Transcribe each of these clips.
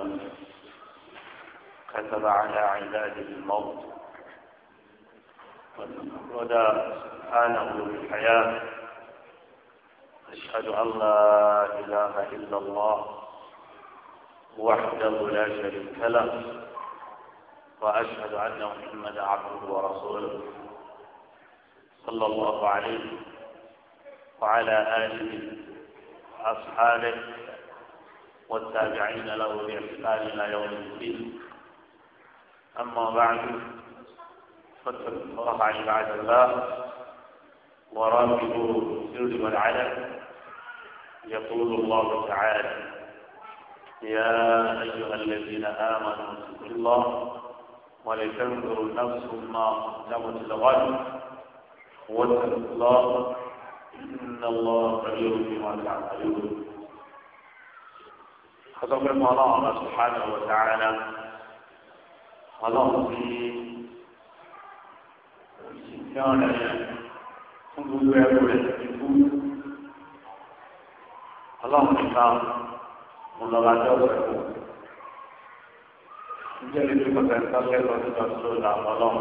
الدنيا كتب على عباده الموت ودى سبحانه بالحياة أشهد أن لا إله إلا الله وحده لا شريك له وأشهد أن محمدا عبده ورسوله صلى الله عليه وعلى آله وأصحابه والتابعين له بإحسان إلى يوم الدين أما بعد فاتقوا الله عباد الله وراقبوا السر والعلم يقول الله تعالى يا أيها الذين آمنوا اتقوا الله ولتنظر نفس ما قدمت لغد واتقوا الله إن الله خبير بما تعملون kọ́sọ́pẹ́ mọ́ ọlọ́run ọba subhanahu wa ta'ala ọlọ́run ti ìfihàn rẹ̀ fún gbogbo ẹrú rẹ̀ ikú ọlọ́run nìkan mo lọ bá jọ́ pẹ̀lú ìjẹ́ lè fi kọ́sẹ̀ ń tọ́kẹ́ lọ sí ọ̀ṣọ́ ìlà ọlọ́run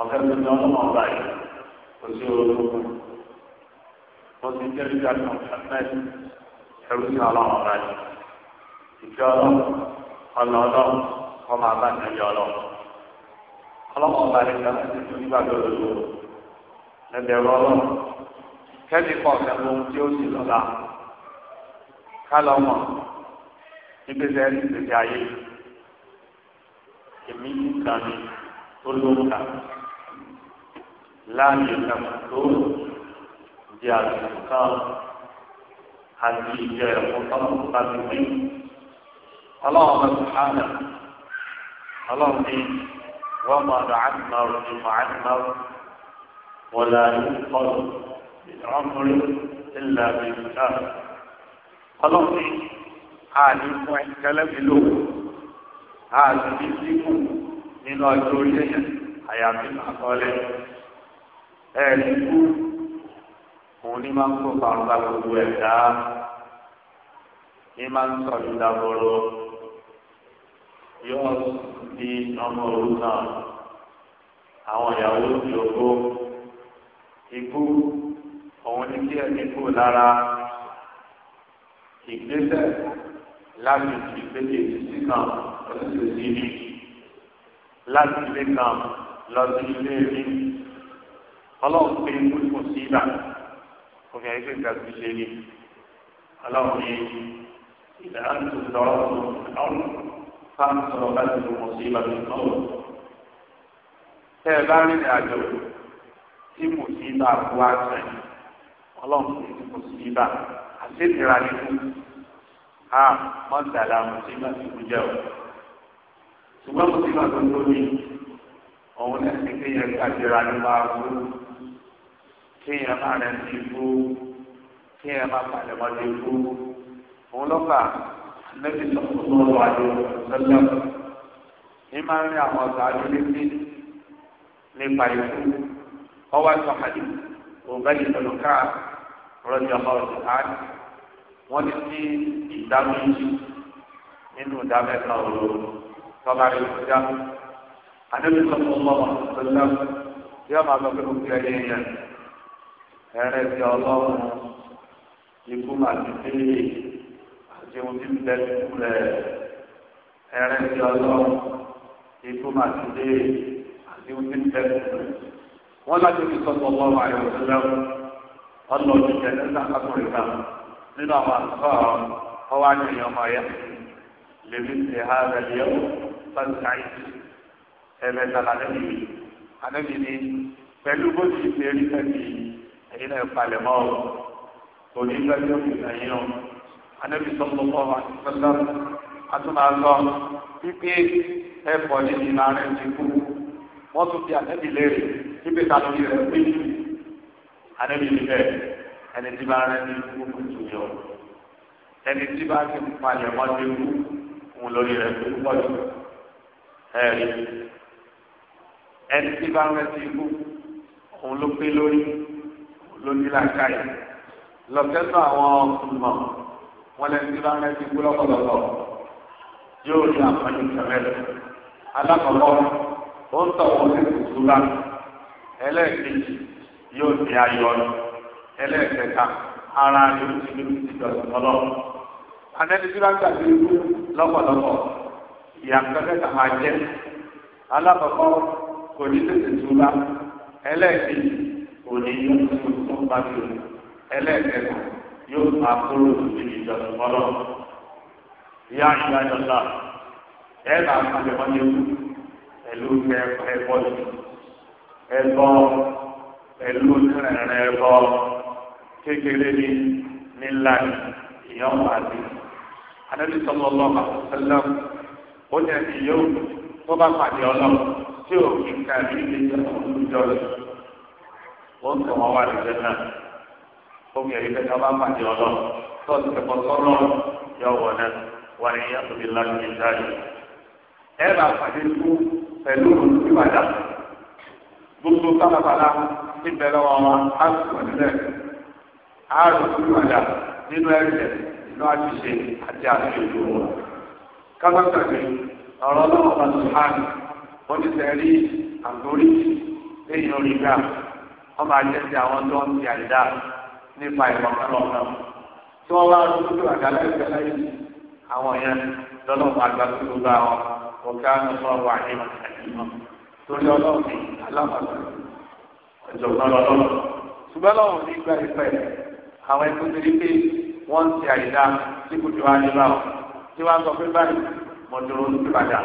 ọ̀kẹ́ tó ní ọlọ́run ọba yìí kò sí orúkọ mo ti jẹ́ lè fi kọ́sẹ̀ ń ẹrú sí ọlọ́run ọ̀rá yìí ìfẹ́ ọlọ́run ọ̀nà ọlọ́run ọmọ abájáde ọlọ́run ọlọ́run ọba rẹ̀ kan láti tún nígbà tó lòlò ẹbẹ̀rù ọlọ́run kẹ́mi kọ̀ kẹ́mi ohun tí ó sì lọ́la kálọ̀mọ̀ nígbèsè ẹni tètè ayé èmi nìkan ni tó lóun kà láàyè kan tó di àtúntò àti ìjọ ẹ̀kọ́ tọ́lú láti wí. ọlọ́run bá ti hàn án ọlọ́run ní wọ́n máa lọ àtìmáwò ní mọ̀ àtìmáwò wọ́n là ń kọ́lù ìdánwòrán ńlá mi níta. ọlọ́run ní àní fún ẹ̀kẹ́lẹ́bí ló àti bí síkù nínú ọjọ́ orí ẹ̀yà àyàfi àkọọ́lẹ̀ ẹ̀ẹ́dínkù òun ní máa ń kó parun gbogbo ẹ̀dá ní máa ń sọ ìdábòrò yóò di ọmọ òru náà àwọn ìyàwó ti ògbó ikú òun ní kí ẹni kú lára ìgbésẹ̀ láti ìgbésẹ̀ ìdísí kan lọ́sọ̀tò sí láti ilé kan lọ sí ọlọ́run pé ikú sí ibà òfin àyíké ìgbà tó ṣe ni aláwọ̀ ni ìdá àtúntò lọ́rọ̀ àwọn fáwọn sọ̀rọ̀ láti lò wọ́n sí ìbàdàn náà. tẹ́ ẹ bá rìn àjò tí kò sí ibà kú àṣẹ ọlọ́run kò sí kò sí ibà àti ìnira ni kú a mọ̀tàlá mo sí ibà tó kú jẹ́ o. ṣùgbọ́n mo sí ibà tó ń lómi òun náà ti kéèyàn gbàdúrà nípa àbúrò kéèyàn máa rẹ̀ ti kú kéèyàn máa palẹ̀ mọ́ ti kú òun ló fà lẹ́bi lọ́kùnrin lọ́wọ́ àjò lọ́jọ́ ní máa ń rí àwọn ọ̀gá adúlétí nípa ikú ọwọ́ àti ọ̀hádì òǹgá ìtọ́nù káà rọ́jò ọmọ ọ̀sẹ̀ káàdì wọ́n ti ní ìdá méjì nínú ìdá mẹ́ta òru tọ́ba rẹ̀ kọjá àdébìtọ́ fún ọmọ ọ̀sẹ̀ lọ́jọ́ yóò máa lọ pé kò kí ẹ ẹrẹ ti ọlọ́run ikú màtí tẹ́lẹ̀ àti ohun tí ń bẹ kú rẹ̀ ẹrẹ ti ọlọ́run ikú màtí tẹ́lẹ̀ àti ohun tí ń bẹ kú rẹ̀ wọ́n láti fi sọ́kọ̀ ọlọ́run àyẹ̀wò tó lẹ́wọ̀ ọlọ́run jẹ́ nígbà kákùnrin kan nínú àwọn àtúntò ọwọ́ àyẹ̀yẹ̀ ọmọ ẹ̀yà lèmi ti ha rẹ̀ yẹ̀wò fáńtàì ẹ̀rẹ̀ tàlà lẹ́yìn àlẹ́ mi ni pẹ̀lú bó ti ṣe rí fẹ́ ẹ̀yin náà palẹ̀ mọ́ ọ kò ní gbà tó fi ẹ̀yin o anábì sọ́kọ́ mọ́ ọ àtúntò àtúntò àtọ́ pípé ẹ̀fọ́ ní ìlà rẹ̀ ti kú wọ́n tún fi anábì léèrè pípé ta lórí rẹ̀ pé anábì ní bẹ́ẹ̀ ẹni tí bá rẹ̀ ní kú kò tù yọ ẹni tí bá ti palẹ̀ mọ́ ti kú òun lórí rẹ̀ pé pọ̀ jù ẹni tí bá rẹ̀ ti kú òun ló pé lórí lónílàkàyè lọ́kẹ́tọ̀ àwọn ọmọ wọn lẹ́nu tí bá ń rẹ́sí gbọ́lọ́kọ̀lọ́kọ̀ yóò ní àpọ́njú tẹ̀lé alákọ̀ọ́kọ́ ó ń tọ̀wọ́ sí kùsùlá ẹlẹ́ẹ̀kejì yóò ní ayọ̀ ẹlẹ́ẹ̀kẹta ara yóò ti ní ìdọ̀tí ọlọ́ anẹ́ni tí bá ń gbàgbé ikú lọ́kọ̀lọ́kọ̀ ìyàkẹ́kẹ́ kà máa jẹ́ alákọ̀ọ́kọ́ kò ní tètè túlá ẹlẹ́ẹ̀kejì òní yóò tún tún pàṣẹ ẹlẹ́ẹ̀kẹ́kọ̀ọ́ yóò máa kúrò níbi ìjọsìn fọlọ́. ìyá ìgbàjọ náà ẹ bá àgbẹ̀ wọn yẹ kú pẹ̀lú ẹ̀kọ́ ẹ̀kọ́ pẹ̀lú rẹ̀rẹ̀ ẹ̀kọ́ kékeré ní nílá ìyọ́n pàdé. Adébí sọ́lọ́ lọ́kà sẹ́lẹ̀ ó yẹ kí yóò tó bá pàdé ọlọ́run tí òkè ká ní ilé ìjọsìn ó ń tọ̀ wọn wá lẹ́sẹ̀ náà omi ẹ̀rí bẹ́ẹ̀ ọba pàdé ọlọ́ tọ́sí ẹ̀kọ́ sọ́nà yọ wọ̀ náà wà ní yàtọ̀bí láti ní sáyé. ẹ bá pàdé tú pẹ̀lú ìbàdàn gbogbo pálápàlá ti bẹ̀rẹ̀ wọn wọn á sì wọ̀ nílẹ̀ á rò sí ìbàdàn nínú ẹ̀rẹ̀ nínú àṣìṣe àti àṣìṣe wọn. kábàkàgbé ọ̀rọ̀ náà wà sùn hàn wọ́n wọ́n máa jẹ́ sí àwọn tó ń ti àìdá nípa ìwọ̀nkọ́lọ́ náà tí wọ́n bá lójú àgàlẹ́ ìgbàlẹ́ yìí àwọn yẹn lọ́nà àgbà tó ló bá wọn òkè àwọn ọmọ wà ní ìmọ̀ torí ọlọ́run ní alábàtà ọ̀jọ̀gbọ́n lọ́lọ́run ṣùgbọ́n lọ́run ní ìgbà ìpẹ́ àwọn ẹ̀kọ́ ti rí pé wọ́n ti ń ti bàjá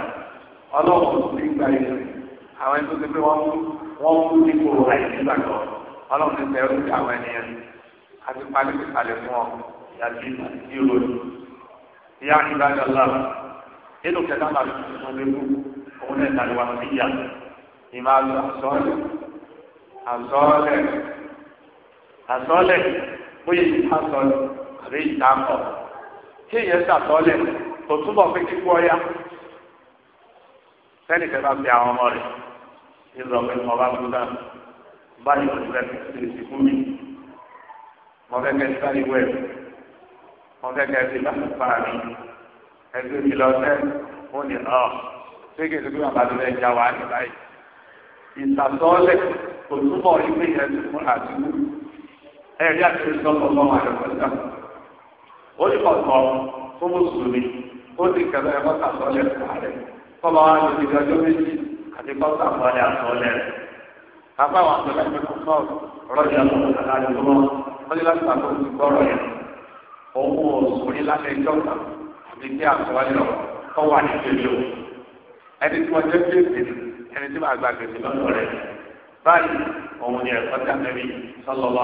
àwọn ẹni tó ti pé wọ́n wọ́n mú nípò àìsí gbàgbọ́ ọlọ́run ti fẹ́ orí àwọn ènìyàn àti palẹ́pẹ́ kalẹ̀ fún ọ yàtí ìrò ìyá ìbájọ́ lọ́wọ́ inú kẹta máa fi tuntun léwu òun náà tàbí wà sí ìyá ìmọ̀ àlọ́ àsọ́ọ̀lẹ̀ àsọ́ọ̀lẹ̀ àsọ́ọ̀lẹ̀ bóyá ìtàsọ̀lẹ̀ àbí ìtàkọ̀ tí ìyẹn sàtọ́lẹ̀ tó túbọ̀ pé kíkú ọ̀yá sẹ́ni tẹ́ bá fi àwọn ọmọ rẹ̀ nílò pé mo bá gbúdá báyìí mo fẹ́ kí lè fún mi mo fẹ́ kẹ́ sáré wẹ̀ mo fẹ́ kẹ́ fi láti fa mi ẹgbẹ́ mi lọ sẹ́ mo ní ọ ṣé kí ẹgbẹ́ bàbá mi lẹ́ já wa ní báyìí ìtàsọ́lẹ̀ kò túbọ̀ ilé yẹn ti fún àdúgbò ẹ̀rí àti ìsọ́kọ̀ lọ́wọ́ àdàkọ́jà ó ní kọ̀ọ̀kan fún mùsùlùmí ó ní kẹlẹ́ ẹ̀kọ́ kọ́ba wa ló ti gbàjọ́ méjì àti kọ́sà àbúrò àtọ́lẹ̀ rẹ̀. bàbá wa pẹ̀lú ẹgbẹ́ kọ́sọ́ rọ́jà lọ́wọ́ àlàyé wọn wọ́n ti láti pàtó ti gbọ́rọ̀ yẹn. òun ò sórí lábẹ́ ẹjọ́ kan àbí kí àtọ́lẹ̀ kọ́ wà ní kéde o. ẹni tí wọ́n jẹ́ kéde ẹni tí màá gba kéde lọ́dọ̀ rẹ̀. báyìí òun ni ẹ̀kọ́ tí a mẹ́rí sọ́lọ́lọ́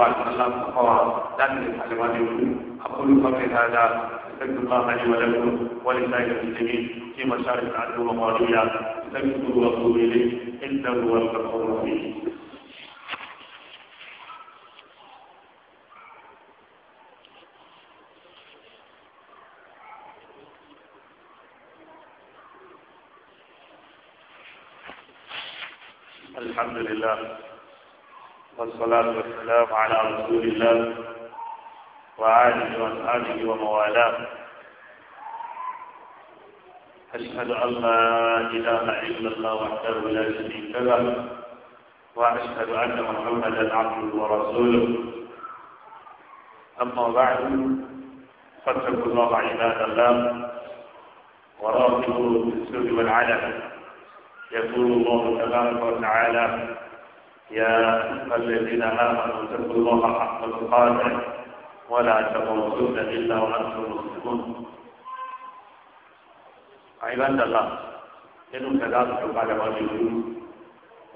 àti استغفر الله لي ولكم ولسائر المسلمين في مشارق العدل ومغاربها استغفر واتوب اليه انه هو الغفور الرحيم الحمد لله والصلاة والسلام على رسول الله وعاله وصحبه وموالاه أشهد أن لا إله إلا الله وحده لا شريك له وأشهد أن محمدا عبده ورسوله أما بعد فاتقوا الله عباد الله وراقبوا في السر والعلن يقول الله تبارك وتعالى يا أيها الذين آمنوا اتقوا الله حق تقاته ولا تموتن إلا وأنتم مسلمون àyíbádàlà nínú kẹta tó padà wọn lè wú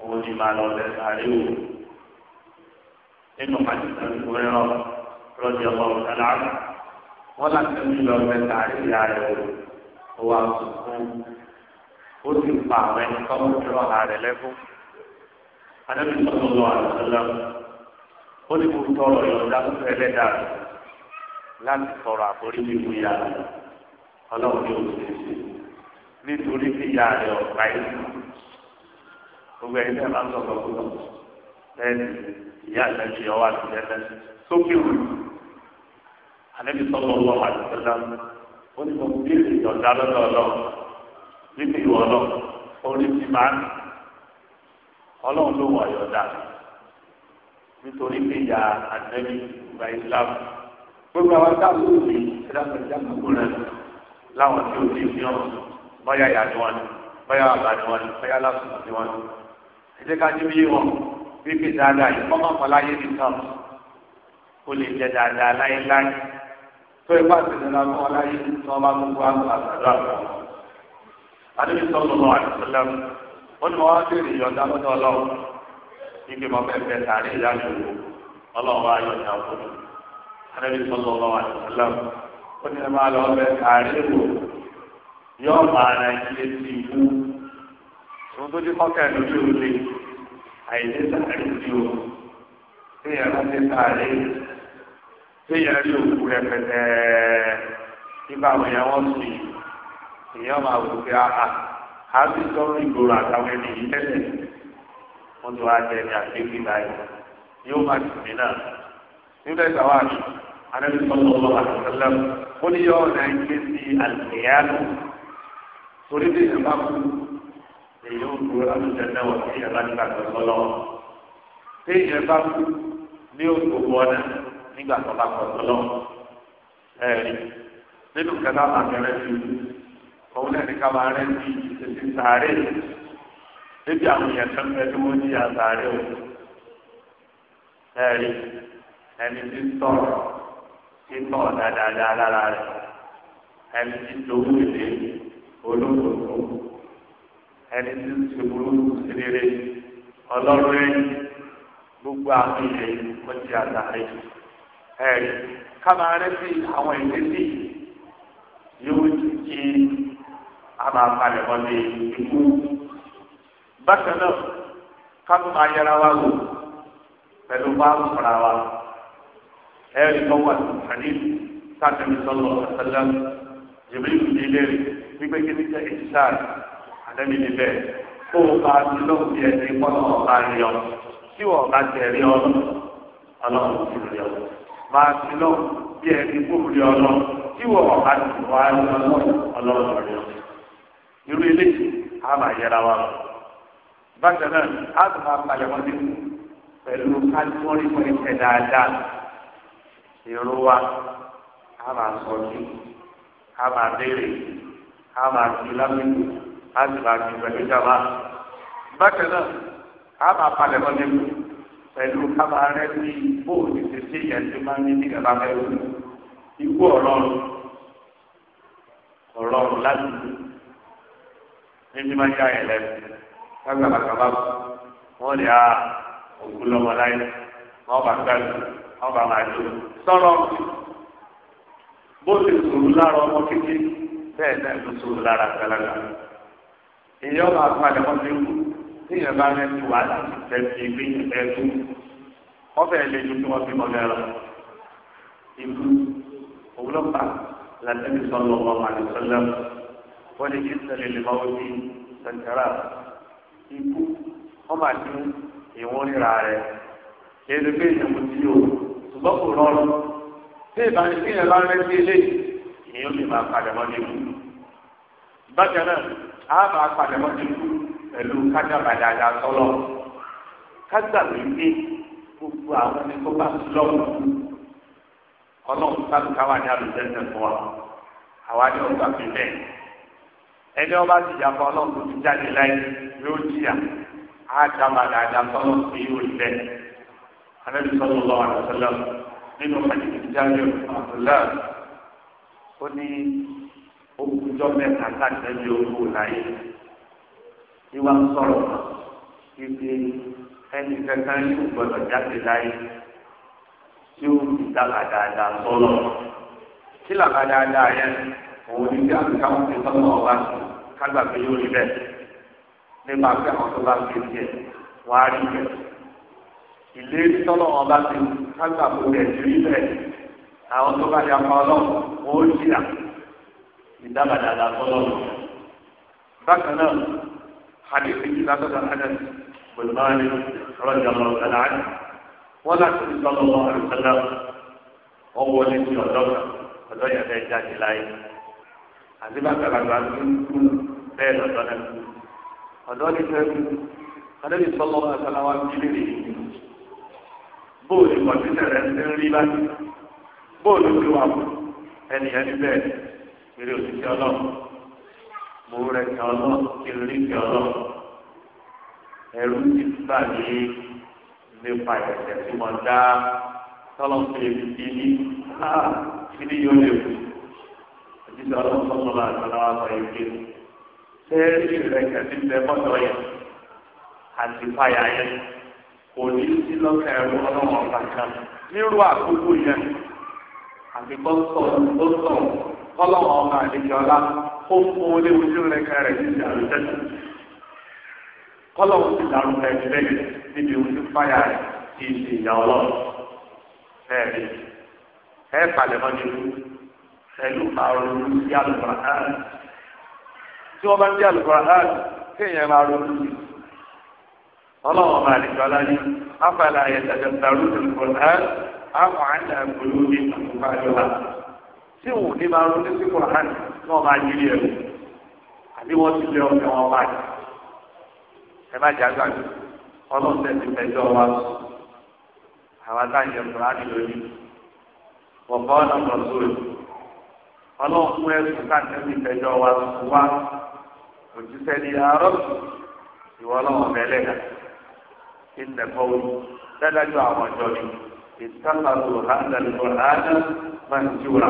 òun ni màá lọ bẹ sàárè wò nínú màjìká tó rẹ lọ lọ́dí ọmọ ọ̀dàlà wọn láti ní lọ bẹ sàárè ìyá rẹ wò ó wà fún ó sì pa àwọn ẹni tó ń tọrọ ààrẹ lẹ́kún adájọ́ ìtọ́jú lọ àlùfẹ́lá ó ní kó tọrọ ìyọ̀dá tó fẹ́ lẹ́dàá láti sọ̀rọ̀ àforíjì fún ìyá ọlọ́run ní òṣèlú nítorí tí ìyá rẹ̀ ọ̀pá yìí gbogbo ẹni náà máa ń sọ̀rọ̀ gbogbo lẹ́yìn ìyá rẹ̀ fi ọwọ́ àti tẹ́lẹ̀ sókè wù àlẹ́bí sọ̀rọ̀ ọwọ́ àti tẹ́lẹ̀ ó ní gbogbo bí èdè ìjọba lọ́dọ̀ ọlọ́run níbi ìwọ ọlọ́run orí ti máa ń ọlọ́run ló wọ̀ ọ̀yọ̀dà nítorí pé ìyá àtẹ́bí ìgbà ìsìlámù gbogbo àwọn táwọn ò ìdáfẹ́ ìdáfẹ́ kúrẹ́ láwọn tí ò ní ìfihàn bọ́yá ìyá ni wọ́n ní bọ́yá àgbà ni wọ́n ní bọ́yá lásìkò ni wọ́n ní. ẹ̀jẹ̀ ká ní wọn bí bí dáadáa yìí kọ́mọ́ kan láyé ní tán ó lè jẹ dáadáa láyé láyé tó ipá tẹ̀lé náà kọ́ láyé tí wọ́n bá gbogbo àgbà àgbà àgbà. adébí sọ́kùn lọ́wọ́ àdìsọ́lá wọn ni wọ́n á béèrè ìyọ̀dá lọ́dọ̀ ọlọ́run níbi mọ́ bẹ́ẹ̀ bẹ́ẹ̀ tààrí ìdájọ́ ọlọ́run ayọ̀ ní àkókò adébí sọ́kùn lọ́wọ́ àdìsọ́lá wọn yóò bá ara ilé sí ikú òun tó dé kọ́kẹ́ lójú òde àìlè sáré sí o téèyàn bá ti sáré téèyàn rí òkú rẹpẹtẹ nígbà wọn yẹn wọn sùn yìí èèyàn máa wò pé àhà á sì sọ̀rọ̀ ìgboro àtàwọn ẹni yìí wọn tó wá jẹ ní àgbégbé báyìí yóò má sì mí náà nígbà ìgbà wà ní anábìsọ̀rọ̀ ọlọ́wà àti sẹ́lẹ̀m ó ní yọ ọ̀nà ìgbésí àlùkìyàmù torí bí ìyẹn bá kú èyí ó dúró láti tẹ̀lé wọ̀ sí ìyẹn láti gbàgbọ́ sọ́lọ́ tí ìyẹn bá kú ní òkòkò ọ̀nà nígbà tó bá kọ̀ sọ́lọ́ ẹ̀rí nínú kẹta àgbẹ̀rẹ̀ ju òun náà ní ká máa rẹ́ bí ìṣesí sàárè níbi àwọn èèyàn kan fẹ́ tí wọ́n jí àsàárè o ẹ̀rí ẹni tí ń tọ̀rọ̀ tí ń tọ̀rọ̀ dáadáa lára rẹ̀ ẹni tí ń olókòtò ẹni tí ń ṣe burúkú rere ọlọ́run ẹni gbogbo àwọn ilẹ̀ wọ́n ti àdáyé ẹ̀rí kábàárẹ̀ sí àwọn ìdílé yóò ti kí àbàkalẹ̀ wọlé ikú bákan náà kábù máa yẹra wa wò pẹ̀lú báwù fúnra wa ẹ̀rí lọ́wọ́ àti àdéhùn sáà tẹ̀mí sọ́lọ́ ọ̀sẹ̀lẹ̀ jìbìlì kùdí léèrè wípé kí ní jẹ́ ìṣáà àtẹ́mi níbẹ̀ kó o bá ti lọ sí ẹni kọ́nà ọ̀bá rí ọ tí wọ́n bá tẹ̀ rí ọ ọlọ́run ti rí ọ bá ti lọ bí ẹni kó rí ọ tí wọ́n bá ti wá rí ọ ọlọ́run rí ọ. irú eléyìí a máa yẹra wa lọ. bákan náà a tún máa palẹ̀ wọn nínú pẹ̀lú kájúmọ́rí fún ẹsẹ̀ dáadáa èrò wa a máa sọ sí a máa béèrè. a máa fi lámìlú a sì máa fi pẹ̀lú jàmbá. bákan náà a máa palẹ̀ mọ́ nínú máa ní nígbà bá fẹ́ lónìí. ikú ọ̀rọ̀rùn ọ̀rọ̀rùn láti níbi máa ń yá ẹ̀ lẹ́nu kágbàlagbà wọn lè a ah, òkú láyé ọmọ kékeré. bẹ́ẹ̀ náà ló tó lára kálára èyí ọba àpàdé wọn ti kù tí ìyẹn bá ní ti wà láti fẹ́ fi gbé ìfẹ́ tú wọ́n fẹ́ẹ́ lé ju kí wọ́n fi mọ́lẹ́ lọ ìlú òwúlọ́pà làtẹ́bí sọ́nù ọmọ àdìsọ́lẹ́m wọ́n ní kí n tẹ̀lé lè máa sẹ̀ńtẹ̀rà ikú wọ́n máa ní ìwọ́n ríra rẹ̀ kéde pé ìyẹn mo ti yò ṣùgbọ́n kò rọrùn tí ìbánisí yẹn bá rẹ́ sí ilé ìyẹn ó lè máa padà mọ́ níbi bákan náà a máa padà wọ́n ti kú pẹ̀lú kájàbàdàdà sọ́lọ́ kájà wípé gbogbo àwọn ẹni tó bá ti lọ́wọ́ ọlọ́run sábìkà wà ní àlùjẹ́sẹ̀ fún wa àwa ni ọgbà fi bẹ́ẹ̀ ẹni ọba ti jà fún ọlọ́run tó ti jáde láyé yóò jìyà á dábàdàdà sọ́lọ́ sí yóò lẹ́ anabi sọlọ lọ àlùsọlọ nínú àdìgbò jáde àbúlá ó ní olùkújọ mẹ́ta káàkiri owó láyé ìwà ń sọ̀rọ̀ ibi ẹni kankan yóò gbọ́dọ̀ jáde láyé tí ó fi dàgbà dáadáa sọlọ tí làgbà dáadáa yẹn òun ní bí àfikà wọn fi sọmọ ọba kágbà pé yóò rí bẹ́ẹ̀ nípa pé àwọn tó bá fi tiẹ̀ wàá rí bẹ́ẹ̀ ìlérí sọlọ ọba ti kágbà pé ó rẹ ti rí àwọn tó bá yà pa Ọlọ́run wọn ó jìyà ìdábàdàdà fọlọ́wọ́. bákan náà hadithi ti látọ̀dọ̀ adam bùnbáni rọ́jà lọ́wọ́ kàlá àdì wọ́n láti fi sọ́lọ́ wọn àlùkálá wọ́n wọlé sí ọ̀dọ́ kan ọ̀dọ́ yẹn fẹ́ jáde láyé àti bàtà bàtà tó ń kú bẹ́ẹ̀ lọ́dọ́ náà ọ̀dọ́ ní fẹ́ kú adébí sọ́lọ́ wọn àlùkálá wa ń bí lè bóòlù kọ̀ọ̀tì tẹ̀lé ń rí báyìí bóòlù ti wà fún ẹnìyẹn ní bẹ́ẹ̀ eré òṣìṣẹ́ ọlọ́run mo rẹ̀ kí ọlọ́run kí n rí kí ọlọ́run ẹ̀rù ti gbà ní nípa ìrẹsẹ̀ tí mo dá tọ́lọ́ fi lè fi ní ah, kí ni yóò lè wù òṣìṣẹ́ ọlọ́run sọ́kọ́ bá àtàlà wà sọ yìí ṣé ìrẹsẹ̀ ti bẹ bọ́tọ̀ yẹn àti fàyà yẹn kò ní sí lọ́kàn ẹ̀rù ọlọ́run ọ̀gá nírú àkókò yẹn àti bọ́tọ̀ bọ́tọ̀ kọ́lọ́wọ́ ọmọ àdéjọ́lá ó fún olé ojú rẹ̀ kẹrẹ̀ ní ìdàrú tẹ́tù kọ́lọ́wọ́ ti dàrú ẹ̀jẹ̀ lẹ́yìn níbi ojú fáyà rẹ̀ ti ṣe ìyá ọlọ́run ẹ̀rí ẹ̀ palẹ̀mọ́ ní ìlú pẹ̀lú àrùn sí àlùkùrán tí wọ́n bá ń dí àlùkùrán kéèyàn máa ronú sí ọlọ́wọ́ ọmọ àdéjọ́lá ní afẹ́lẹ́ ayẹyẹ tẹ̀sán àlùkùrán àfọ̀ tí wọn ò ní máa ronú sí kùránì tí wọn máa yiri ẹrù àbí wọn ti lé ọkẹ wọn bá yìí ẹ má jágbá mi ọlọ́run tẹ̀ ti fẹjọ́ wa àwọn atáyẹ kùránì lónìí wọ́n kọ́ ọ̀nà lọ sórí ọlọ́run fún ẹ̀sùn káàkiri ti fẹjọ́ wa wá òjíṣẹ́ ní arọ́ ìwọ ọlọ́run mẹ́lẹ̀ ìnẹ̀kọ́ dáadáa ju àwọn ọjọ́ mi ìtàkàtò àdàlù ọ̀hánà máa ń jura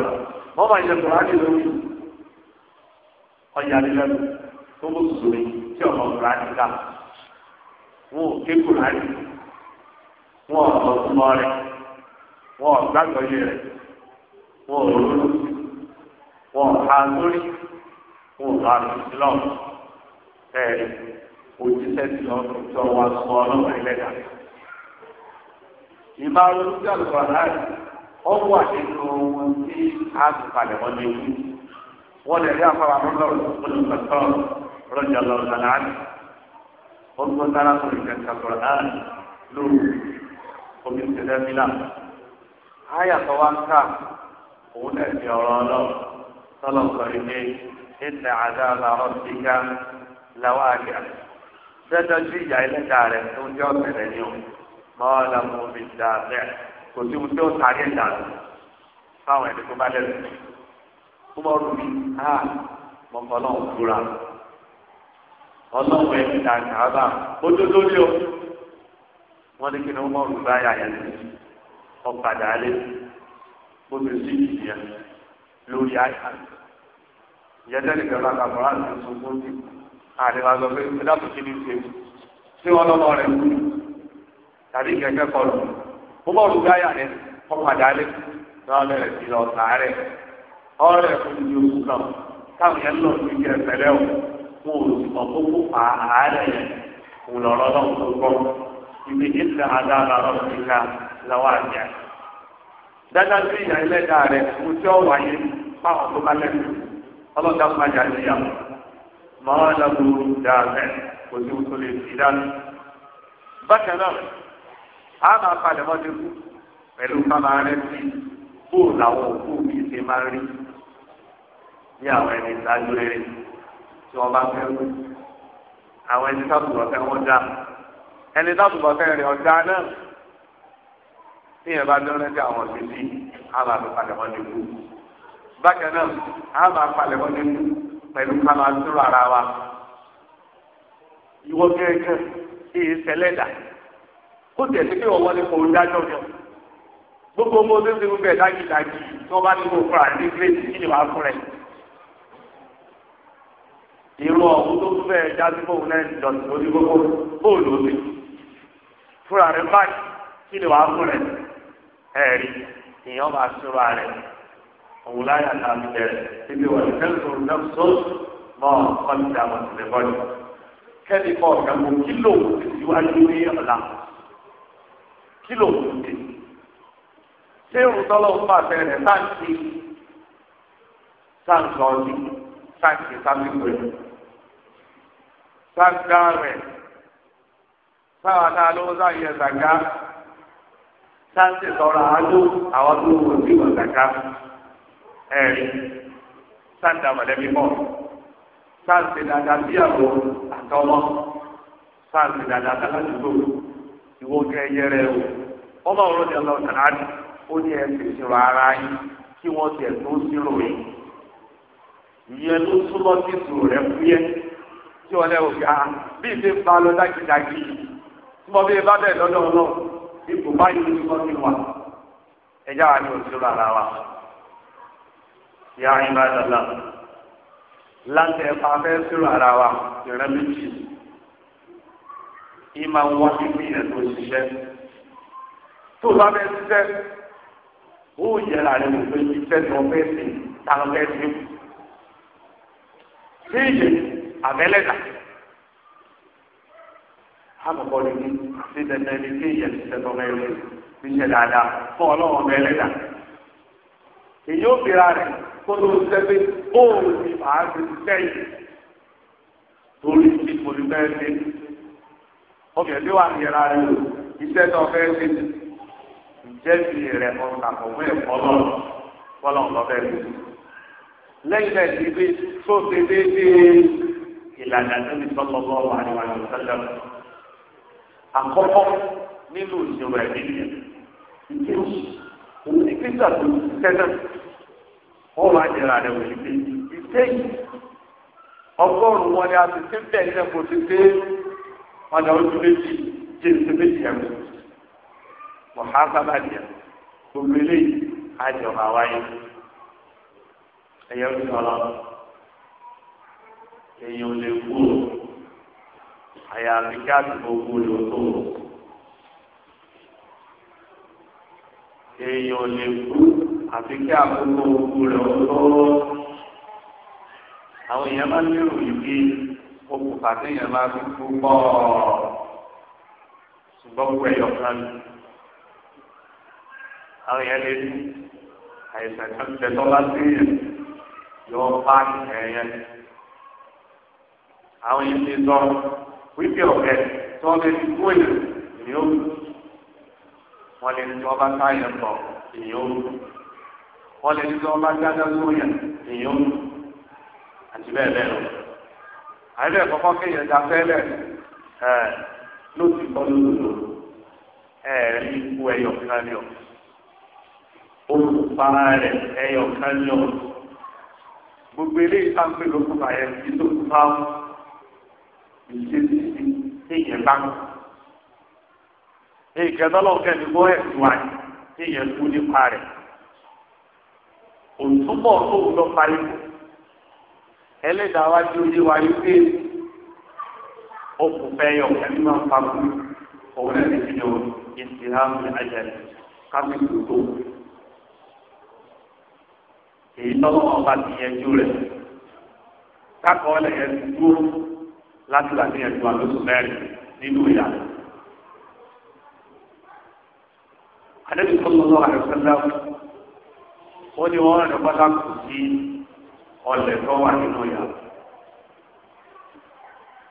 wọ́n máa yẹ kó hánì lórí ọ̀yà nílẹ̀ tó mú sùúrù tí ọmọ kura ti ká wọn ò ké kura ni wọn ò lọ fún ọ rẹ wọn ò gbàgbọ́ yẹ rẹ wọn ò ìmọ̀ olùkọ́ àlùkò àlàyé ọwọ́ àdéhùn ohun tí a ti palẹ̀ wọn ní ewu wọn lè rí afárá mọ́tò olùkọ́tọ́ rọ́jà lọ sàlàyé ọgbọ́n sára tó lè kẹta sọ̀rọ̀ náà lóru omi ìṣẹ̀lẹ̀ mílà. Aya tó wá ń kà òun náà fi ọ̀rọ̀ ọlọ́run sọ́lọ́ sọ ilé ètò àdáàbà ọ̀sìnká làwọn àgbà. Dẹ́dọ́jú ìyá ẹlẹ́dàá rẹ̀ tó ń jẹ́ ọ̀sẹ̀ rẹ̀ ní òun mọ́ọ̀lá mo fi dà bẹ́ẹ̀ kò sí ohun tí ó sáré dànù fáwọn ẹni tó bá lẹ́nu kó bá rú mi á mọ̀kọ́ náà fúra ọlọ́run ẹni dà kàábà ó tó lórí o wọ́n ní kí ni wọ́n mọ̀ rú báyà yẹn ọ̀padà alẹ́ bó ti sí ìyẹn lórí àyà ìyẹn tẹ́lẹ̀ kẹfà kàkọ́rọ́ àti ìsúnkún àti ìwà sọ pé ẹ dábòkí ní ìṣe tí wọ́n lọ́mọ rẹ̀ kú tàbí kẹ̀kẹ́ kọlù bó bá olùgbé àyà rẹ kọ lé náà bẹ̀rẹ̀ sí lọ sàárẹ̀ ọ̀rẹ́ fún ju oṣù náà táwọn yẹn lọ sí ìjẹ pẹ̀lẹ́ o fún olùsùnmọ tó kó pa àárẹ̀ yẹn òun lọrọ náà tó gbọ́ ibi ìta adára ọ̀rọ̀ ìka lọ́wọ́ àjà dáadáa sí ìyá ẹlẹ́dàá rẹ mo tí ó wáyé fáwọn tó bá lẹ́nu ọlọ́dà pàjá níyà mọ́ ọ́ lọ́dún dáa bẹ́ẹ̀ kò sí oṣù lè fi dáná bákan náà a máa palẹ̀ mọ́ ti kú pẹ̀lú kámá rẹ sí bóò làwọn òkú mi ṣe máa rí ní àwọn ẹni ìdájọ́ eré tí wọ́n bá fẹ́ wú àwọn ẹni tábùbọ̀ fẹ́ wọ́n dá ẹni tábùbọ̀ fẹ́ rìn ọ̀dá náà tí yẹn bá lọ́rẹ́ sí àwọn ìbísí a máa fi palẹ̀ mọ́ ti kú bákan náà a máa palẹ̀ mọ́ ti kú pẹ̀lú kámá sọ̀rọ̀ ara wa ìwọ gẹ́gẹ́ kí ìṣẹ̀lẹ̀ dà kó tẹ̀sí pé wọ́n wọlé kó o dájọ́ yọ gbogbo ọmọ tó ń sinmi bẹ́ẹ̀ dájúdájú tí wọ́n bá ní kó fúra ní gírèsì kí ni wàá fún rẹ̀. irú ọ̀hún tó tún bẹ́ẹ̀ jáde fóun náà dọ̀tí lórí gbogbo bóòlù ó ti fúra rẹ̀ báyìí kí ni wàá fún rẹ̀ ẹ̀rí èèyàn máa sọ̀rọ̀ rẹ̀ òun láyà náà ti bẹ̀rẹ̀ síbi wọ̀ ìfẹ́sọ̀rọ̀ náà sọ́ọ̀sì mọ́ ọ̀kọ́ ní ìdààmú ìrẹ̀bọ́ọ̀lù kẹ́ni kọ̀ọ̀kan kò kílò síwájú ní ọ̀la kí ló ń ṣe ṣé ìrùtọ́lọ́ ń pàṣẹ rẹ̀ sáǹtì sáǹtọ́ọ̀lì sáǹtì sábìpẹ̀ sáǹtà rẹ̀ sáwà tá sáyẹ zàgá sáǹtì sọ̀rọ̀ àádó àwọn tó wò sí wà zàgá ẹ̀rí sáǹtà mọ̀lẹ́bí mọ́ sáǹtì dàdà bíyàwó àtọmọ sáǹtì dàdà dàdà ìwọ kẹ yẹrẹ o ọlọ́run ní ọlọ́run tàn án ó ní ẹsẹ̀ ìṣirò ara yín kí wọ́n tiẹ̀ tó sírò yìí ìyẹn ló súnmọ́ sí ìṣòro rẹ̀ fúyẹ́ tí wọ́n lẹ́wọ̀ gbà bí ìṣe ń bá lọ dákìdákì tí wọ́n bí bá bẹ̀ lọ́dọ̀ náà ipò báyìí ló súnmọ́ sí wa ẹjá wa ní òṣèlú ara wa ìyá ìbá dàda láti ẹ̀fà fẹ́ sírò ara wa ìrẹ́ ìmọ̀ ń wá fífi rẹ̀ tó ṣiṣẹ́ tó bá fẹ́ ṣiṣẹ́ ó yẹra rẹ̀ wò pé ṣiṣẹ́ tó fẹ́ sí táwọn fẹ́ sí ṣé ìyè àbẹ́lẹ́dà àkọ́kọ́ ni kí ṣe dandan ni kí ìyẹn ṣiṣẹ́ tó fẹ́ sí ṣiṣẹ́ dáadáa fún ọlọ́wọ́n bẹ́lẹ́dà èyí ó bìíra rẹ̀ kó ló ń pé ó ò ní ṣiṣẹ́ yìí torí ti kò obìnrin tí wà ní ìlera rẹ iṣẹ́ tó fẹ́ ṣe jẹ́ ti rẹ̀ kọ́ ṣàkóso ẹ̀kọ́ lọ́rọ̀ bọ́lá ọ̀dọ́ fẹ́ lẹ́yìn náà ti gbé tó ṣe déédéé ìlànà tó ti sọ́kọ́ bọ́ wà ní sẹ́lẹ̀. àkọ́kọ́ nínú ìṣòro ẹ̀mí yẹn ìkéjì òun kíkà tó ti tẹ́lẹ̀ wọ́n wá ìlera rẹ̀ wò ní ọgọ́rùn-ún wọn ni a ti ti bẹ̀ẹ́ ọ̀nà ojú méjì jíǹsì méjì ẹ̀mú mọ̀háfábà díẹ̀ gbogbo eléyìí àjọba wáyé ẹ̀yẹ ojú ọlọ́ èèyàn lè kú àyàfi kí àtúbọ̀ kú ló tó èèyàn lè kú àfi kí àkókò kú ló tó àwọn èèyàn máa ń lérò yìí bíi okùnfà téèyàn máa fi kú ṣùgbọ́n kú ẹ̀yọ̀ kan ní. àwọn èèyàn lè ní àìsàn kan tẹ tọ́lá téèyàn yọ páàkì ẹ̀yẹn. àwọn èèyàn ti sọ wípé ọ̀kẹ́ tó lè fi kú èèyàn ní ó wọ́n lè ní tí wọ́n pọ̀ èèyàn ó wọ́n lè ní tí wọ́n bá dájọ́ sóyàn èèyàn àti bẹ́ẹ̀ bẹ́ẹ̀ lọ. àìlẹ́ kọ́kọ́ kéèyàn já fẹ́lẹ̀ ẹ̀ ló ti kọ́ lódodo ẹ̀ ikú ẹyọ kan olùpara rẹ̀ ẹyọ gbogbo eléyìí tá ń pè lóko bàyẹ kí ló bá ìṣe ti di kéèyàn bá wọn. èyí kẹtọ́lọ́ bọ́ ẹ̀sùn wa kéèyàn kú nípa rẹ̀ òtúbọ̀ tó ẹlẹ́dàá wá ju ní wa yí pé okùn fẹ́ yọ ẹni máa ń pa mú òun náà ní ìdílé òun ìsìlámù ajẹlẹ káfíńtì tó èyí tọ́lọ́ wọn bá ti yẹjú rẹ̀ kákọ́ ọ̀lẹ̀ yẹn ti dúró láti wà ní ẹ̀dùn àlóṣù mẹ́rin nínú ìyá. adébísọ́lọ́lọ́ àrẹ̀sẹ́lá ó ní wọ́n rẹ̀ pátá sí ọlẹ̀ tó wà nínú yà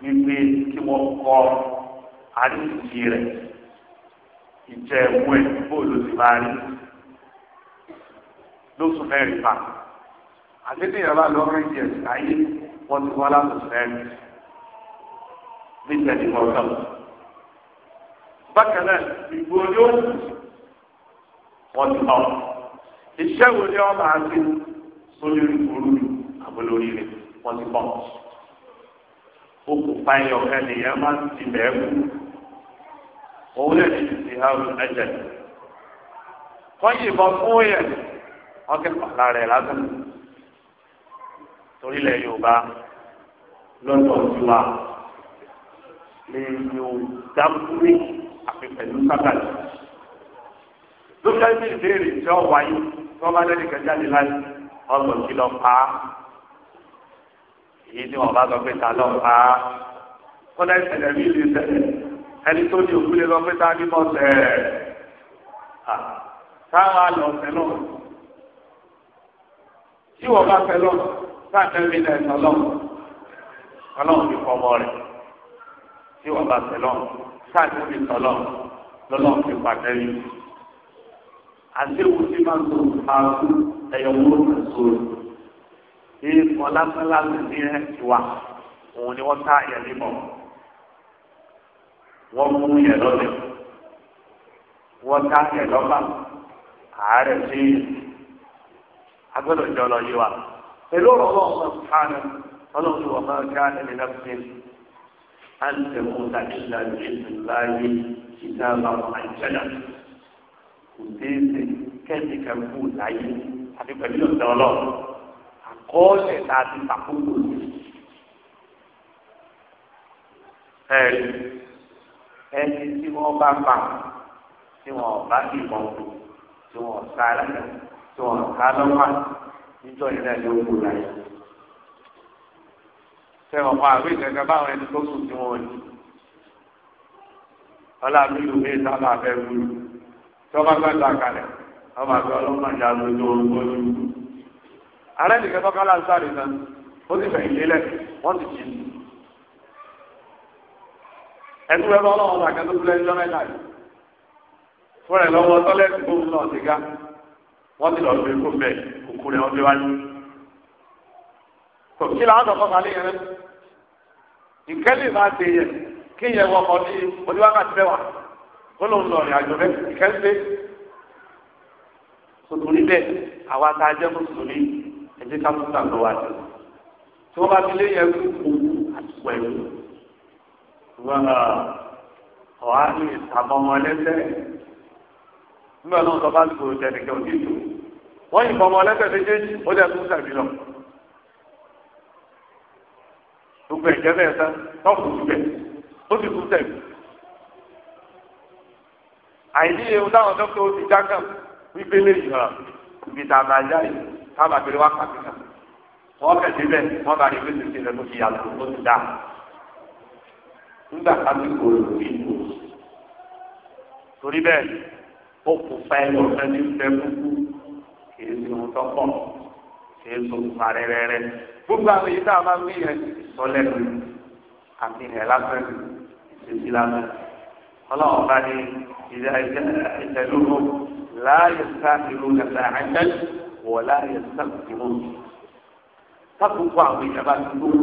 wípé kí wọ́n kọ́ àríṣì rẹ̀ ìjẹ́ ẹ̀wọ́ ẹ̀ bóòlù ti bá rí lóṣù mẹ́rin pa àdéhùn yàrá lọ́rùn ìjẹ́ ayé wọ́n ti wá látòṣù mẹ́rin nígbà tí wọ́n kọ́ bákan náà ìgbò ni ó wọ́n ti lọ iṣẹ́ wo ni wọ́n máa ṣe sórí ìgbòrò mi olórí rẹ̀ wọ́n ti bọ̀. okùnfà ẹyọ kan nìyẹn máa ń ti bẹ́ẹ̀ kú òun lè ti ti ha ẹ̀jẹ̀ wọ́n yìnbọn fún yẹn wọ́n ti pàlà rẹ̀ lásán torílẹ̀ yorùbá lọ́dọ̀ tiwa lè yóò dákúrè àfi pẹ̀lú sábàlì. lókè ní ìbéèrè tí ó wáyé tí wọ́n bá lẹ́nu kẹjáde láti ọgbọ̀n kìlọ̀ pa á èyí ni wọn bá sọ pé ta lọ pa á kọ́lá ìṣẹ̀lẹ̀ mi ti ṣẹlẹ̀ ẹni tó ní òkú lè lọ pé ta ní mọ̀ọ́sẹ̀ táwọn àlọ́ọ̀sẹ̀ náà tí wọn bá fẹ́ lọ sáàtẹ́ mi náà ẹ̀sán lọ́wọ́ ọlọ́run fi fọmọ rẹ̀ tí wọn bá fẹ́ lọ sáàtẹ́ mi sọ lọ́wọ́ lọ́lọ́run fi pàtẹ́ mi àti ewu tí máa ń lo ààrùn ẹ̀yọ̀ wọ́n ń sọ̀rọ̀. tí ọlásánlá sì ní ẹ òun ni mú sí jọ lọ yí wa pẹ̀lú ọ̀rọ̀ ọlọ́run sùpánù ọlọ́run tó wà máa ká ẹni náà fi án tẹ̀kọ́ tàbí ìlànà ìlànà ìta àwọn àjẹ́dà kò dé ṣe kẹ́ẹ̀dì kan kú àti pẹ̀lú àkọọ́lẹ̀ tá sàkóso yìí. ẹ̀rí ẹni tí wọ́n bá pa tí wọ́n bá ìbọn tí wọ́n ká lẹ́yìn tí wọ́n ká lọ́pàá níjọ́ yìí náà ló kù láyé. sẹ́wọ̀n pa àbí ìkẹ́kẹ́ báwọn ẹni tó sùn tí wọ́n ní. ọlọ́àbí ìlú mi sábà fẹ́ wúlò tí wọ́n bá gbàgbà kalẹ̀ wọ́n bá gbọ́ ọlọ́mọdé àlùjọ orúkọ yìí ààrẹ nìkan tọ́ka láǹsárì náà ó ti fẹ̀yìn wọ́n ti jì í. ẹnu lọ́wọ́ ọ̀la kan tó fúlẹ̀ ẹjọ́ mẹ́ta yìí fún rẹ lọ́wọ́ tọ́lẹ́tì tó ń lọ ọ̀sìnká wọ́n ti lọ gbé kó bẹ̀ kókó rẹ̀ wọ́n fi wájú. kí làwọn tọ́kọ kalẹ̀ yẹn rẹ̀ ìkẹ́lì máa ṣe yẹ kí yẹn wọkọ̀ ní oníwákàtí mẹ́wàá kó ló ń lọ ìrìn àjò rẹ̀ ìkẹ́lì sọtò níbẹ̀ àwa tá a jẹ́ mùsùlùmí ẹ̀jẹ̀ ká tún gbàgbọ́ wa tí wọ́n bá fi lé yẹn kú òwú pẹ̀lú wọn ah, ọ̀há ní ìtàbọ̀mọ ẹlẹ́sẹ̀ nígbà náà tó bá ti kúrò jẹ nìkan òkè tó wọ́n yìnbọn ọmọ ẹlẹ́sẹ̀ méjèèjì ó dẹ̀ tún sàbí lọ gbogbo ẹ̀jẹ̀ bẹ́ẹ̀ sá tọ́kù síbẹ̀ ó sì tún sẹ̀mí àìní ewu táwọn dókítà ó ti já kàn wípé lè yọ̀ ah, ibi tá a máa já yìí sábà bèrè wá kàkí kan wọ́n kẹ̀ síbẹ̀ wọ́n bá rí bísí sílẹ̀ tó ti yàtọ̀ tó ti dá nígbà kábí kò lò bí ìlú torí bẹ́ẹ̀ ó kò fa ẹ̀ lọ́sẹ̀ ní fẹ́ kúkú kì í ṣe ohun tó pọ̀ kì í ṣe ohun parẹ́rẹ́rẹ́ wọ̀lá yẹn sàkúrò sàkúrò àwọn ìjọba tó wọn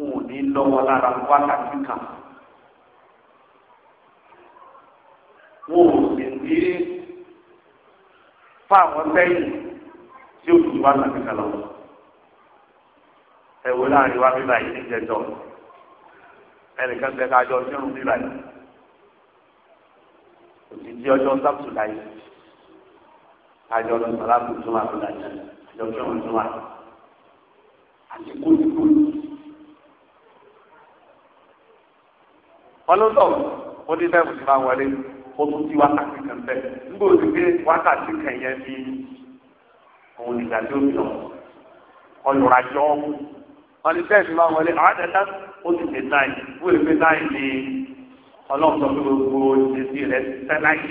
ò ní lọ́wọ́ lára wákàtí kan wọn ò sì ní fáwọn sẹ́yìn tí ó tún wá láti kan lọ ẹ wò láàrin wá bíbá ní jẹjọ ẹnìkan tẹ ká jọ sírun bíbá yìí òtítí ọjọ́ sábùtù láyé àjọ ọdún sọlá tó tún wà lọ́dà jẹ àjọ kí wọn tún wà àti kúndùkú. ọlọ́dọ̀ ó ní bẹ́ẹ̀ mùsùlùmá wọlé ó tún ti wákàtí kan bẹ́ẹ̀ nígbà òsì pé wákàtí kan yẹn bí òun ìgbà tó ń lọ ọlùrajọ́ wọn ní bẹ́ẹ̀ mùsùlùmá wọlé àwọn àtẹ̀tẹ̀ ó ti dé náà yìí wọ́n èpè náà yìí ni ọlọ́run sọ pé gbogbo ìdèsí rẹ̀ sẹ́láyìí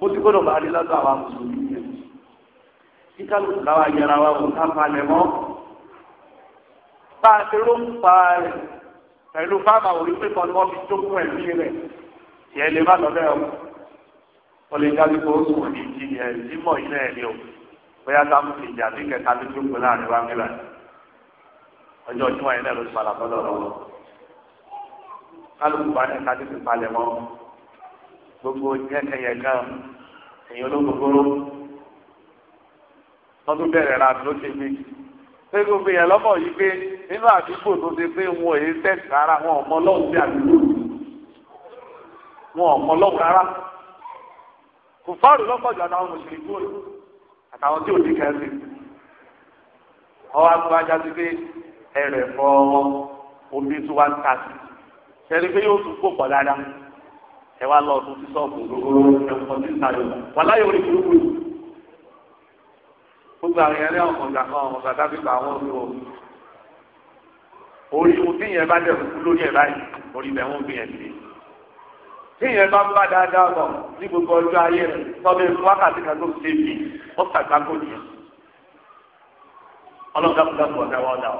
bó ti gbọ́dọ̀ máa rí lọ́dọ̀ àwọn mùsùlùmí yẹn kí kálukú láwa yẹra wa wò ká palẹ̀ mọ́ bá a ti ló ń pa rẹ̀ pẹ̀lú fáàmà òrí pé kan ni wọ́n fi jókòó ẹ̀mí rẹ̀ yẹn lè má lọ bẹ́ẹ̀ o wọ́n lè dábí kó sùn ní ìjìnlẹ̀ ìjímọ̀ ilé ẹ̀ ni o bóyá sáfù ti jà ní kẹta ní jókòó láàrin wa mílà ọjọ́ ìjùmọ̀ yẹn náà ló ti padà bọ́ lọ́wọ́ gbogbo yẹkẹyẹkẹ èèyàn ló gbogbooro wọn tún bẹ̀rẹ̀ ra ló ṣe mí pé gbogbo yẹn lọ́mọ yìí pé nínú àdúgbò tó ṣe pé wọn èyí tẹ̀sí ara wọn ọmọ lọ́hùn sí àdúgbò wọn ọmọ lọ́hùn rárá kò fáàrù lọ́pọ̀jù àtàwọn mùsùlùmí kúrò àtàwọn tí ò ní kẹ́sì ọwọ́ agbájá sí pé ẹ̀rẹ̀ fọ́ omi tí wọ́n ń ta sí ṣẹ́ni pé yóò tún kó pọ̀ dáadáa ẹ wá lọ ọdún sí sọ́ọ̀bù lóró ẹ̀kọ́ sí ìtayọ̀ wà láyé orí burúkú gbogbo àwọn ẹ̀rẹ́ ọ̀kọ̀ǹgà kan ọ̀kọ̀ǹgà dábìbà àwọn olùwọ̀ orí mu tí yẹn bá dẹ̀kú lórí ẹ̀ báyìí orí bẹ̀ wọ́n gbìyànjú tí yẹn bá ń bá dáadáa bọ̀ ní gbogbo ọjọ́ ayé rẹ̀ tọ́lẹ̀ fún wákàtí kan tó ṣe bí ó kàgbá kò ní ọlọ́dà kúndà kúndà wọ́n dà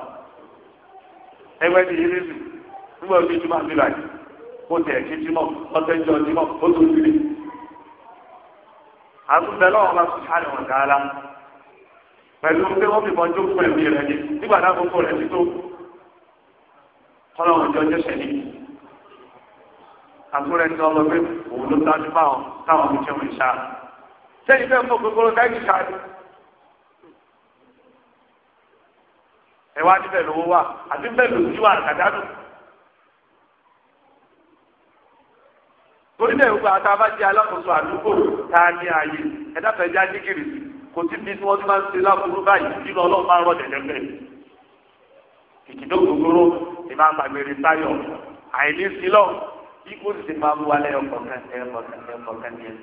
ẹgbẹ́ ti yé lé kó tẹ̀ kí jímọ̀ ọtẹ́ jọ jímọ̀ ó tó kiri. àtúntẹ̀ náà wọ́n sùn sáré wọn dáadáa pẹ̀lú pé wọ́n fi mọ ojú fún ẹ̀mí rẹ̀ ní nígbà tá gbogbo rẹ̀ ti tó kọ́lọ́ wọn jọ jẹ́ sẹ́ni. àtúrẹ̀ ti ọlọ pé òun ló dájú báwọn táwọn fi jẹun ìṣá. sẹ́yìn fẹ́ mọ gbogbo ẹ̀wá níbẹ̀ lówó wà àti bẹ́ẹ̀ lòdì wà àgàdánù. torí náà gbogbo àti abájí alákòóso àdúgbò tá a ní ààyè ẹ̀dá fẹ̀já dígìrì kò sí bí wọ́n ti máa ń ṣe láburú báyìí nínú ọlọ́run máa ń rọ̀ dẹ̀dẹ̀ bẹ́ẹ̀. ìkìdó gbogbooro ti máa gbàgbére táyọ̀ àìní sílọ̀ ikú sì ti máa ń wálé ọkọ̀ọ̀kan ẹ̀kọ̀ọ̀kan ẹ̀kọ̀ọ̀kan ni ẹ̀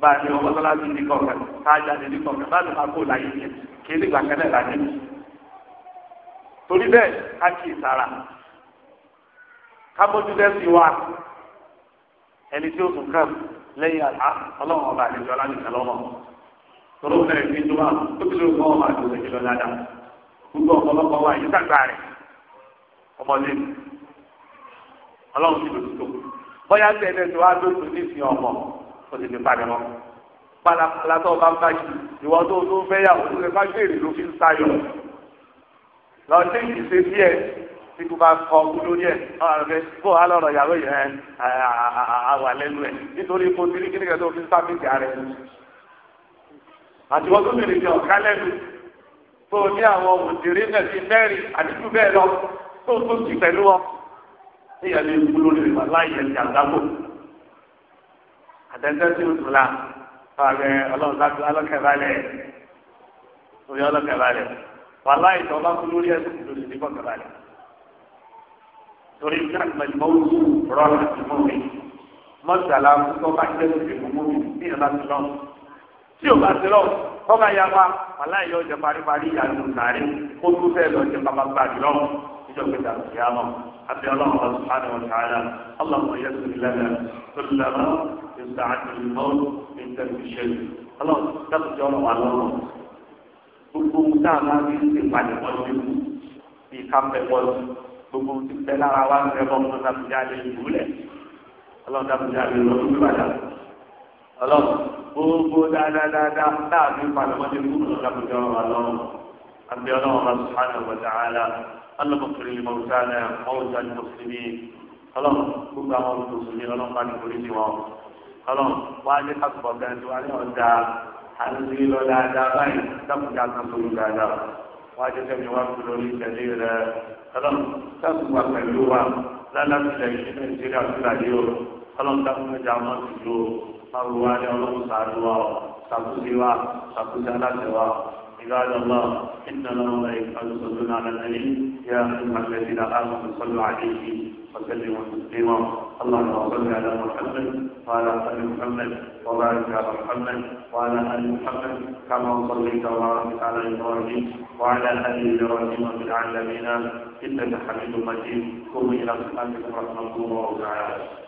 bá a ní ọkọ̀ tó láti ní kọ̀ọ̀kan tá a jáde ní kọ̀ọ̀kan bá a lè máa kó láyé yẹn kí ní gbàkẹ́lẹ̀ láyé. torí bẹ́ẹ̀ ká kì í sára ká mójú tẹ́sí wa ẹni tí ó tún kàn lẹ́yìn àlá ọlọ́run ọba àti ìjọba nìkan lọ́mọ tọ́lọ́ bẹ̀rẹ̀ sí tó bá tó fi lóko ọmọ àti òṣèlú lọ dáadáa gbogbo ọ̀pọ̀lọpọ̀ wa yìí sàgbà rẹ̀ ọmọdé ọlọ́run ti lòdì tó bóyá tẹ̀ ẹ́ tó wá tó tó ní ìsìn ọmọ ó ti fi padà mọ́ padà tó bá ń bá yìí ìwọ tó tó fẹ́ yà ó tó fẹ́ bá gbèrè ló fi ń sáyọ̀ lọ sí ìṣesí ẹ̀ tí kò bá kọ lórí ẹ ọ̀rẹ́ kó a lọ́rọ̀ yàrá yẹn àwà lẹ́nu ẹ̀ nítorí kò sí kí nìkan tó fi sábìtì ààrẹ àti wọn tó bèrè jẹ ọ̀ká lẹ́nu tó ní àwọn òṣèré náà ti mẹ́rin àdìjú bẹ́ẹ̀ lọ tó tó sì pẹ̀lú wọn níyà lè wú lórí ìwà láyé ẹ̀sìn àgbàgbọ́ àtẹ̀tẹ̀ tí o tù la ààrẹ ọlọ́ọ̀dá ọlọ́kẹ̀balẹ̀ òye ọlọ́kẹ̀balẹ̀ wàláyé tó bá kú lórí ẹ̀sìn lórí ìdíkọ̀kẹ̀balẹ̀ torí nàìjíríà mọ́tò rọ́ọ̀lù ti mú mi mọ́tàlá kúkọ́ bá jẹ́ lóde mú mi ní ìlànà ti lọ. tí o bá ti lọ kọ́ bá yá wa wàláyé ọjà paríparí ìyàtọ̀ sàárè kó tó fẹ́ lọ jẹ́ bàbá gbàdúrà lọ́wọ́ nítorí pé dàrú ìyá lọ. حتى الله سبحانه وتعالى اللهم يسر لنا كل ما يستعد للموت من ترك الشرك اللهم gbogbo ti fẹ́ lára wa ń rẹ́bọ̀ mọ́ sàbùjá lè gbúlẹ̀ ọlọ́run sàbùjá lè lọ sí ìbàdàn ọlọ́run gbogbo dáadáa láàbí pàdánù gbúlọ̀ sàbùjá wà lọ́wọ́ àbí ọlọ́run subhanahu wa ta'ala alábọ̀kiri mọ̀tánà ọ̀wọ̀tá ní mùsùlùmí ọlọ́run gbogbo àwọn mùsùlùmí ọlọ́run bá ní orí ni wọn ọlọ́run wá ní kásùpọ̀ bẹ́ẹ̀ wá ní ọ̀dà àti ọlọ́run táàbù wà pẹ̀lú wa lálàbílẹ̀ ìṣẹ́ nàìjíríà fúlàdé o ọlọ́run táàbù mẹ́ta wọn ti lo ọrùn wa ní ọlọ́run sàánú wa ṣàkóso wa ṣàkóso aláṣẹ عباد الله إن الله يفعل يصلون على النبي يا أيها الذين آمنوا صلوا عليه وسلموا تسليما اللهم صل على محمد وعلى آل محمد وبارك على محمد وعلى آل محمد كما صليت وبارك على إبراهيم وعلى آل إبراهيم في العالمين إنك حميد مجيد قم إلى صلاتكم رحمة الله تعالى